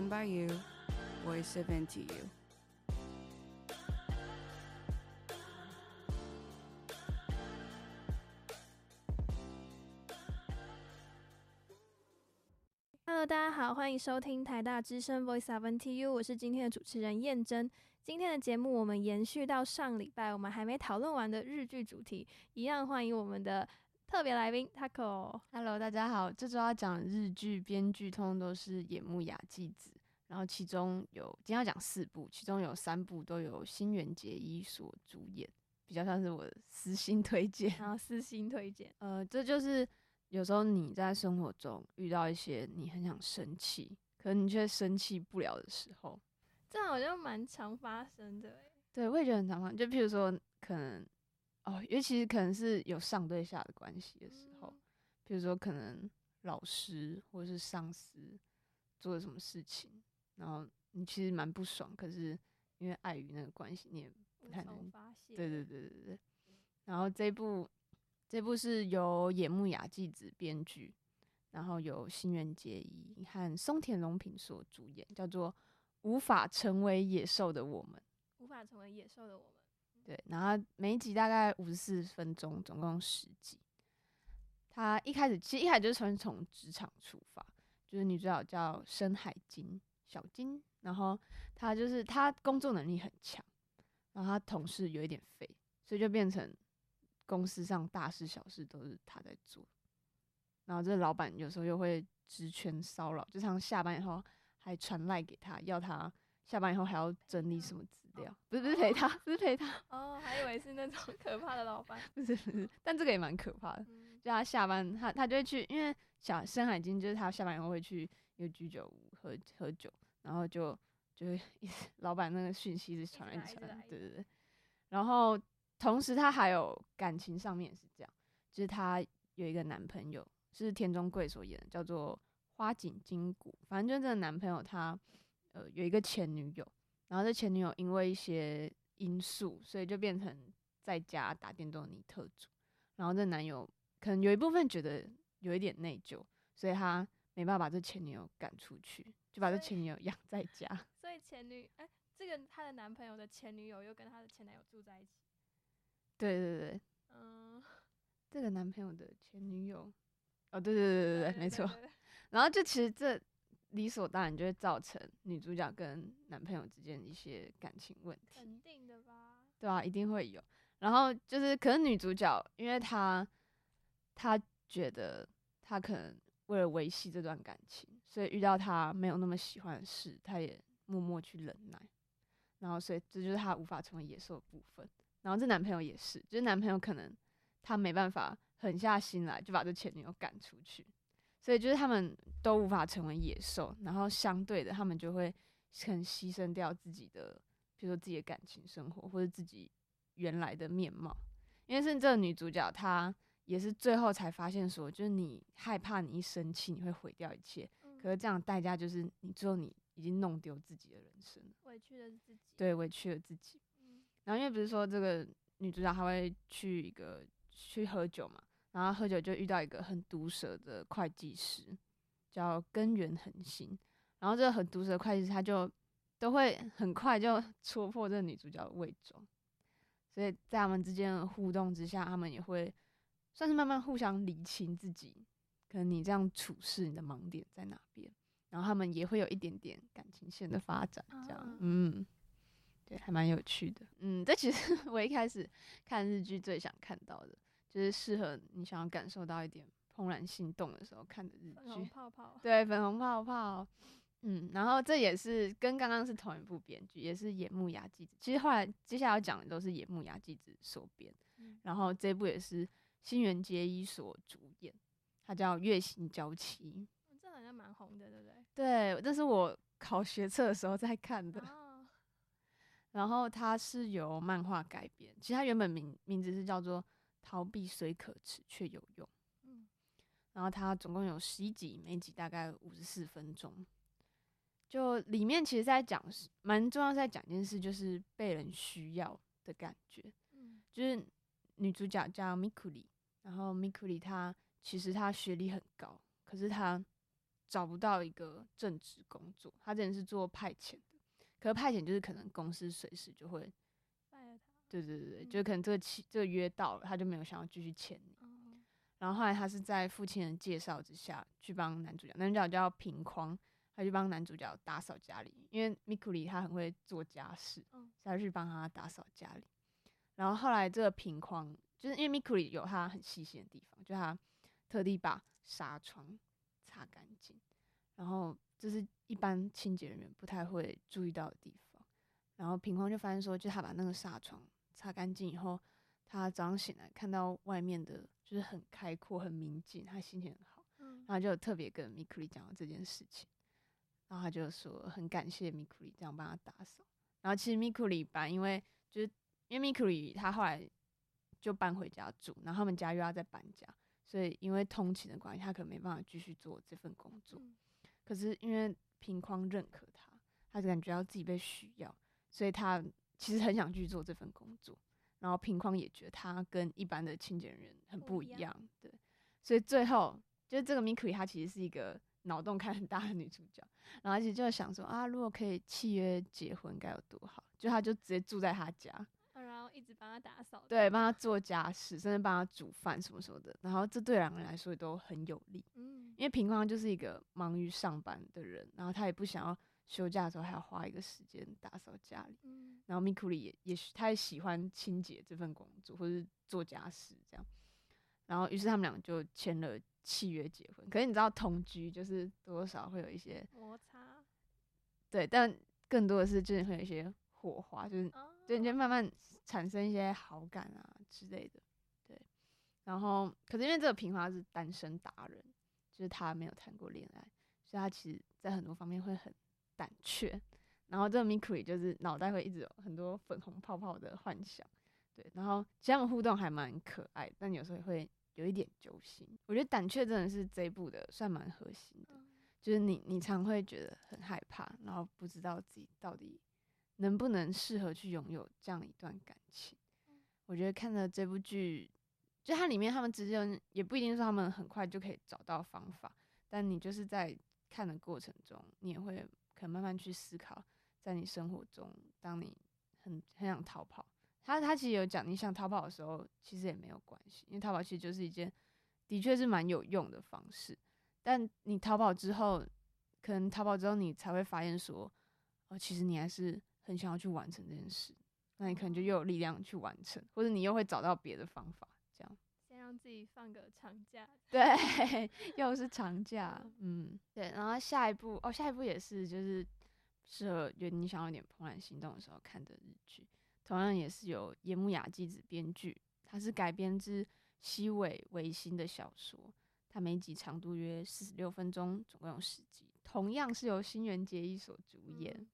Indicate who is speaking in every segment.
Speaker 1: By
Speaker 2: you, Voice of NTU, Hello，大家好，歡迎收聽台大之聲 Voice of NTU。我是今天的主持人燕真。今天的節目我們延續到上禮拜我們還沒討論完的日劇主題，一樣歡迎我們的。特別來賓 Taco，Hello，大家好。這周要
Speaker 1: 講日劇，編劇通通都是野木雅紀子，然後其中有今天要講四部，其中有三部都有新垣結衣所主演，比較像是我的私心推薦，然後私心推薦。呃，這就是有時候你在生活中遇到一些你很想生氣，可你卻生氣不了的時候，
Speaker 2: 這好像蠻常發生的。對，我
Speaker 1: 也覺得很常發生，就譬如說可能。哦，尤其是可能是有上對下的關係的時候，嗯、比如說可能老師或者是上司做了什麼事情，然後你其實蠻不爽，可是因為礙於那個關係，你也不太能發洩。對對對對對。然後這部這部是由野木雅紀子編劇，然後由新垣結衣和松田龍平所主演，叫做《無法成為野獸的我們》。
Speaker 2: 無法成為野獸的我們。
Speaker 1: 對，然後每一集大概五十四分鐘，總共十集。他一開始其實一開始就是從從職場出發，就是女主角叫深海晶小晶，然後她就是她工作能力很強，然後她同事有一點廢，所以就變成公司上大事小事都是她在做，然後這個老闆有時候又會職權騷擾，就常下班以後還傳賴給她要她。下班以後還要整理什麼資料？啊哦、不是不是陪他，哦、是
Speaker 2: 陪他哦，還以為是那種可怕的老闆，
Speaker 1: 不是不是，但這個也蠻可怕的。嗯、就他下班，他他就會去，因為小《小深海經》就是他下班以後會去一個居酒屋喝喝酒，然後就就老闆那個訊息是傳來傳，欸、對對對。然後同時他還有感情上面也是這樣，就是他有一個男朋友，是田中圭所演的，叫做花井金谷，反正就是這個男朋友他。呃，有一個前女友，然後這前女友因為一些因素，所以就變成在家打電動的女特助。然後這男友可能有一部分覺得有一點內疚，所以他沒辦法把這前女友趕出去，就把這前女友養在家。所
Speaker 2: 以，所以前女，哎、欸，這個她的男朋友的前女友又跟她的前男友住在一起。
Speaker 1: 對對對，
Speaker 2: 嗯，
Speaker 1: 這個男朋友的前女友，哦，對對對對對，沒錯。然後就其實這。理所當然就會造成女主角跟男朋友之間一些感情問題，肯定的吧？對啊，一定會有。然後就是，可是女主角因為她她覺得她可能為了維繫這段感情，所以遇到她沒有那麼喜歡的事，她也默默去忍耐。然後，所以這就是她無法成為野獸的部分。然後，這男朋友也是，就是男朋友可能他沒辦法狠下心來就把這前女友趕出去。所以就是他們都無法成為野獸，然後相對的，他們就會很犧牲掉自己的，比如說自己的感情生活或者自己原來的面貌。因為甚至這個女主角她也是最後才發現說，說就是你害怕你一生氣你會毀掉一切，嗯、可是這樣的代價就是你最後你已經弄丟自己的人生了，
Speaker 2: 委屈了自己。對，委
Speaker 1: 屈了自己。嗯、然後因為不是說這個女主角她會去一個去喝酒嘛？然後喝酒就遇到一個很毒舌的會計師，叫根源恆星。然後這個很毒舌的會計師他就都會很快就戳破這個女主角的偽裝，所以在他們之間的互動之下，他們也會算是慢慢互相理清自己，可能你這樣處事，你的盲點在哪邊？然後他們也會有一點點感情線的發展，這樣，啊、嗯，對，還蠻有趣的。嗯，這其實我一開始看日劇最想看到的。就是適合你想要感受到一點怦然心動的時候看的日劇，粉紅泡泡，對，粉紅泡泡，嗯，然後這也是跟剛剛是同一部編劇，也是野木雅紀子。其實後來接下來要講的都是野木雅紀子所編，嗯、然後這部也是新垣結衣所主演，它叫月薪嬌妻，哦。
Speaker 2: 這好像蠻紅的，對不
Speaker 1: 對？對，這是我考學測的時候在看的。好然後它是由漫畫改編，其實它原本名名字是叫做。逃避雖可恥，卻有用。嗯，然後它總共有十一集，每集大概五十四分鐘。就裡面其實在講，是蠻重要，在講一件事，就是被人需要的感覺。嗯，就是女主角叫 m i k u i 然後 m i k u i 她其實她學歷很高，嗯、可是她找不到一個正職工作，她之前是做派遣的，可是派遣就是可能公司隨時就會。對對對，就是可能這個期、嗯、這個約到了，他就沒有想要繼續簽、嗯、然後後來他是在父親的介紹之下去幫男主角，男主角叫平匡，他就幫男主角打掃家裡，因為米庫里他很會做家事，嗯、所以他就去幫他打掃家裡。然後後來這個平匡，就是因為米庫里有他很細心的地方，就他特地把紗窗擦乾淨，然後這是一般清潔人員不太會注意到的地方。然後平匡就發現說，就他把那個紗窗。擦乾淨以後，他早上醒來看到外面的，就是很開闊、很明淨，他心情很好。嗯、然後就特別跟米庫 i 講了這件事情，然後他就說很感謝米庫 i 這樣幫他打掃。然後其實米庫里把，因為就是因為米庫 i 他後來就搬回家住，然後他們家又要再搬家，所以因為通勤的關係，他可能沒辦法繼續做這份工作。嗯、可是因為平匡認可他，他感覺到自己被需要，所以他。其實很想去做這份工作，然後平匡也覺得他跟一般的清潔人很不一樣，一樣對，所以最後就是這個 Mikuri 她其實是一個腦洞開很大的女主角，然後而且就在想說啊，如果可以契約結婚該有多好，就她就直接住在他家，
Speaker 2: 啊、然後一直幫他打掃，對，
Speaker 1: 幫他做家事，甚至幫他煮飯什麼什麼的，然後這對兩個人來說也都很有利，嗯、因為平匡就是一個忙於上班的人，然後他也不想要。休假的時候還要花一個時間打掃家裡，嗯、然後米庫里也也許他也喜歡清潔這份工作或者做家事這樣，然後於是他們倆就簽了契約結婚。可是你知道同居就是多少會有一些摩擦，對，但更多的是就是會有一些火花，就是對，就慢慢產生一些好感啊之類的。對，然後可是因為這個平匡是單身達人，就是他沒有談過戀愛，所以他其實在很多方面會很。膽怯，然後這個 Mikuri 就是腦袋會一直有很多粉紅泡泡的幻想，對，然後然他們互動還蠻可愛，但有時候也會有一點揪心。我覺得膽怯真的是這一部的算蠻核心的，就是你你常會覺得很害怕，然後不知道自己到底能不能適合去擁有這樣一段感情。我覺得看了這部劇，就它裡面他們之間也不一定是他們很快就可以找到方法，但你就是在看的過程中，你也會。慢慢去思考，在你生活中，當你很很想逃跑，他他其實有講，你想逃跑的時候，其實也沒有關係，因為逃跑其實就是一件的確是蠻有用的方式。但你逃跑之後，可能逃跑之後，你才會發現說，哦，其實你還是很想要去完成這件事，那你可能就又有力量去完成，或者你又會找到別的方法。
Speaker 2: 自己放個
Speaker 1: 長假， 對，又是長假， 嗯，對，然後下一部，哦，下一部也是就是適合約你想要有點怦然心動的時候看的日劇，同樣也是由野木亞紀子編劇，它是改編自西尾維新的小說，它每集長度約四十六分鐘，總共有十集，同樣是由新垣結衣所主演，嗯、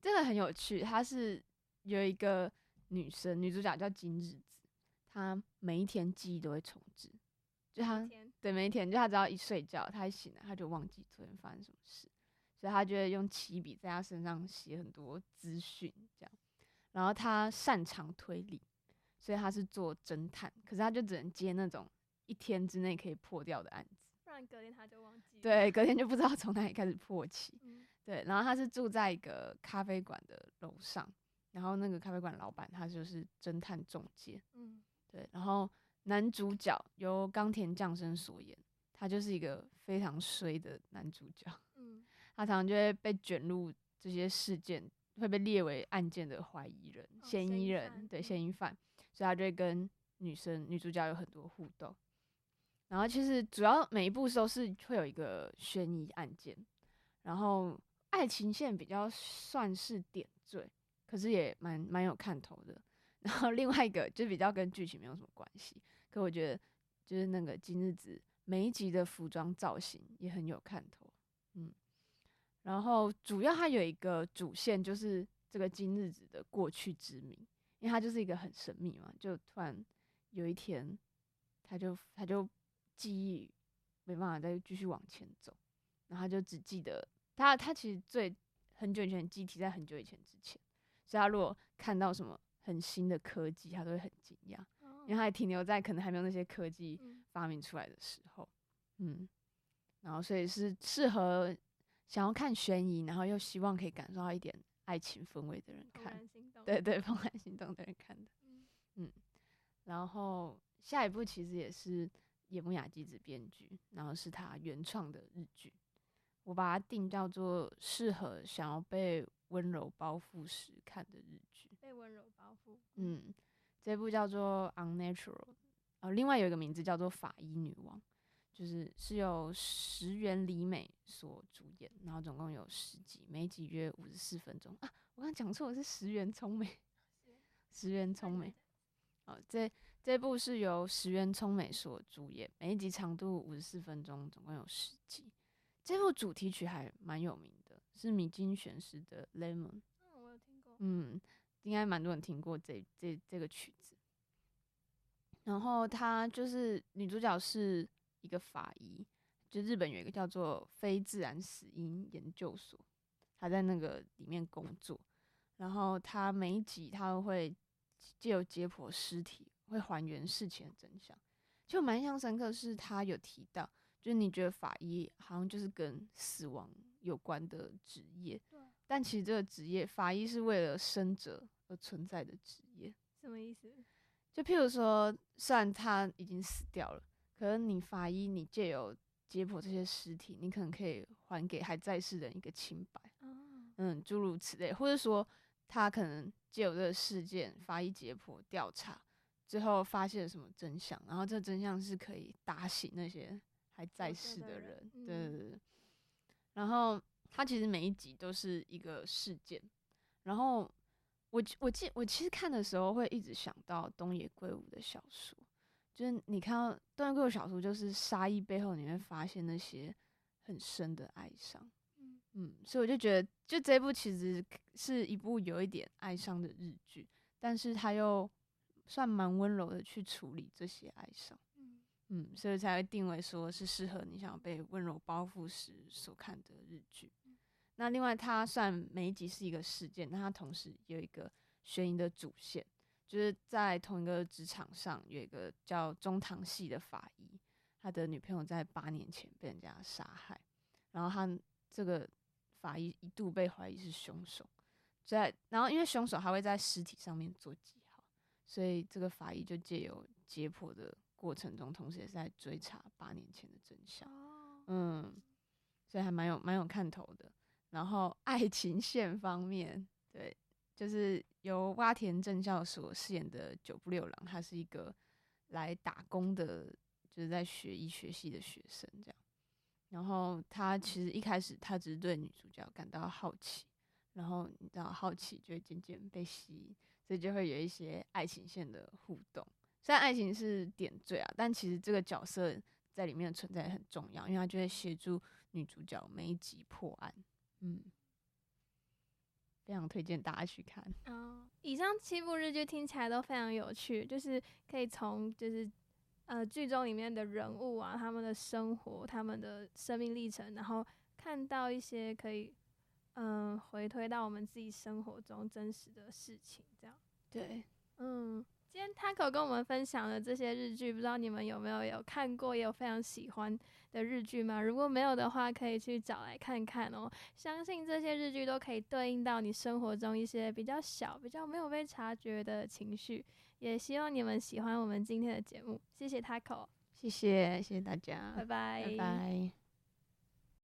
Speaker 1: 真的很有趣，它是有一個女生，女主角叫今日子。他每一天記憶都會重置，就他一天對，每一天，就他只要一睡覺，他一醒來，他就忘記昨天發生什麼事，所以他就會用起筆在他身上寫很多資訊，這樣。然後他擅長推理，嗯、所以他是做偵探，可是他就只能接那種一天之內可以破掉的案子，
Speaker 2: 不然隔天他就忘記。對，隔天就不知道從哪裡開
Speaker 1: 始破起。嗯、對，然後他是住在一個咖啡館的樓上，然後那個咖啡館老板他就是偵探總監。嗯。對，然後男主角由岡田將生所演，他就是一個非常衰的男主角。嗯、他常常就會被捲入這些事件，會被列為案件的懷疑人，哦、嫌疑人，對，嫌疑犯、嫌疑犯，嗯、所以他就會跟女生、女主角有很多互動。然後其實主要每一部都是會有一個懸疑案件，然後愛情線比較算是點綴，可是也蠻蠻有看頭的。然後另外一個就比較跟劇情沒有什麼關係，可我覺得就是那個今日子每一集的服裝造型也很有看頭，嗯，然後主要它有一個主線就是這個今日子的過去之謎，因為它就是一個很神秘嘛，就突然有一天他就他就記憶沒辦法再繼續往前走，然後他就只記得他他其實最很久以前記憶體在很久以前之前，所以他如果看到什麼，很新的科技，他都會很驚訝，因為他還停留在可能還沒有那些科技發明出來的時候。嗯，嗯，然後所以是適合想要看懸疑，然後又希望可以感受到一點愛情氛圍的人看，對對，怦然心動的人看的。嗯，嗯，然後下一部其實也是野木亞紀子編劇，嗯、然後是他原創的日劇，我把它定叫做適合想要被溫柔包覆時看的日劇，
Speaker 2: 被溫柔嗯，
Speaker 1: 這部叫做《Unnatural》，哦，另外有一個名字叫做《法醫女王》，就是是由石原里美所主演，然後總共有十集，每集約五十四分鐘。啊，我剛講錯，是石原聰美，石原聰美，哦，這這部是由石原聰美所主演，每一集長度五十四分鐘，總共有十集，這部主題曲還蠻有名的，是米津玄師的《Lemon》，嗯，我有
Speaker 2: 聽過。
Speaker 1: 應該蠻多人聽過這這這個曲子，然後她就是，女主角是一個法醫，就日本有一個叫做非自然死因研究所，她在那個裡面工作，然後她每一集她都會借由解剖屍體，會還原事情的真相。就我蠻印象深刻，是她有提到，就是你覺得法醫好像就是跟死亡有關的職業。但其實這個職業，法醫是為了生者而存在的職業。
Speaker 2: 什麼意思？
Speaker 1: 就譬如說，雖然他已經死掉了，可是你法醫，你借由解剖這些屍體，你可能可以還給還在世的人一個清白。Oh. 嗯，諸如此類，或者說他可能借由這個事件，法醫解剖，調查，最後發現了什麼真相，然後這個真相是可以打醒那些還在世的人。Oh. 對對對。嗯、然後。它其實每一集都是一個事件，然後我我記我其實看的時候會一直想到東野圭吾的小說，就是你看到東野圭吾的小說，就是殺意背後你會發現那些很深的哀傷，嗯，嗯，所以我就覺得就這部其實是一部有一點哀傷的日劇，但是它又算蠻溫柔的去處理這些哀傷。嗯，所以才會定位說是適合你想被溫柔包覆時所看的日劇。那另外，他算每一集是一個事件，那他同時有一個懸疑的主線，就是在同一個職場上有一個叫中堂系的法醫，他的女朋友在八年前被人家殺害，然後他這個法醫一度被懷疑是凶手。在然後，因為凶手還會在屍體上面做記號，所以這個法醫就借由解剖的。過程中，同時也是在追查八年前的真相。嗯，所以還蠻有蠻有看頭的。然後愛情線方面，對，就是由窪田正孝所飾演的久部六郎，他是一個來打工的，就是在學醫學系的學生這樣。然後他其實一開始他只是對女主角感到好奇，然後你知道好奇就會漸漸被吸引，所以就會有一些愛情線的互動。雖然愛情是點綴啊，但其實這個角色在裡面的存在很重要，因為他就會協助女主角每一集破案。嗯，非常推薦大家去
Speaker 2: 看。哦，以上七部日劇聽起來都非常有趣，就是可以從就是呃劇中裡面的人物啊，他們的生活，他們的生命歷程，然後看到一些可以嗯，呃，回推到我們自己生活中真實的事情。這樣對，嗯。今天 Tako 跟我們分享了這些日劇，不知道你們有沒有有看過，也有非常喜歡的日劇嗎？如果沒有的話，可以去找來看看哦。相信這些日劇都可以對應到你生活中一些比較小、比較沒有被察覺的情緒。也希望你們喜歡我們今天的節目，謝謝 Tako，謝謝謝謝大家，拜拜、拜拜。拜拜。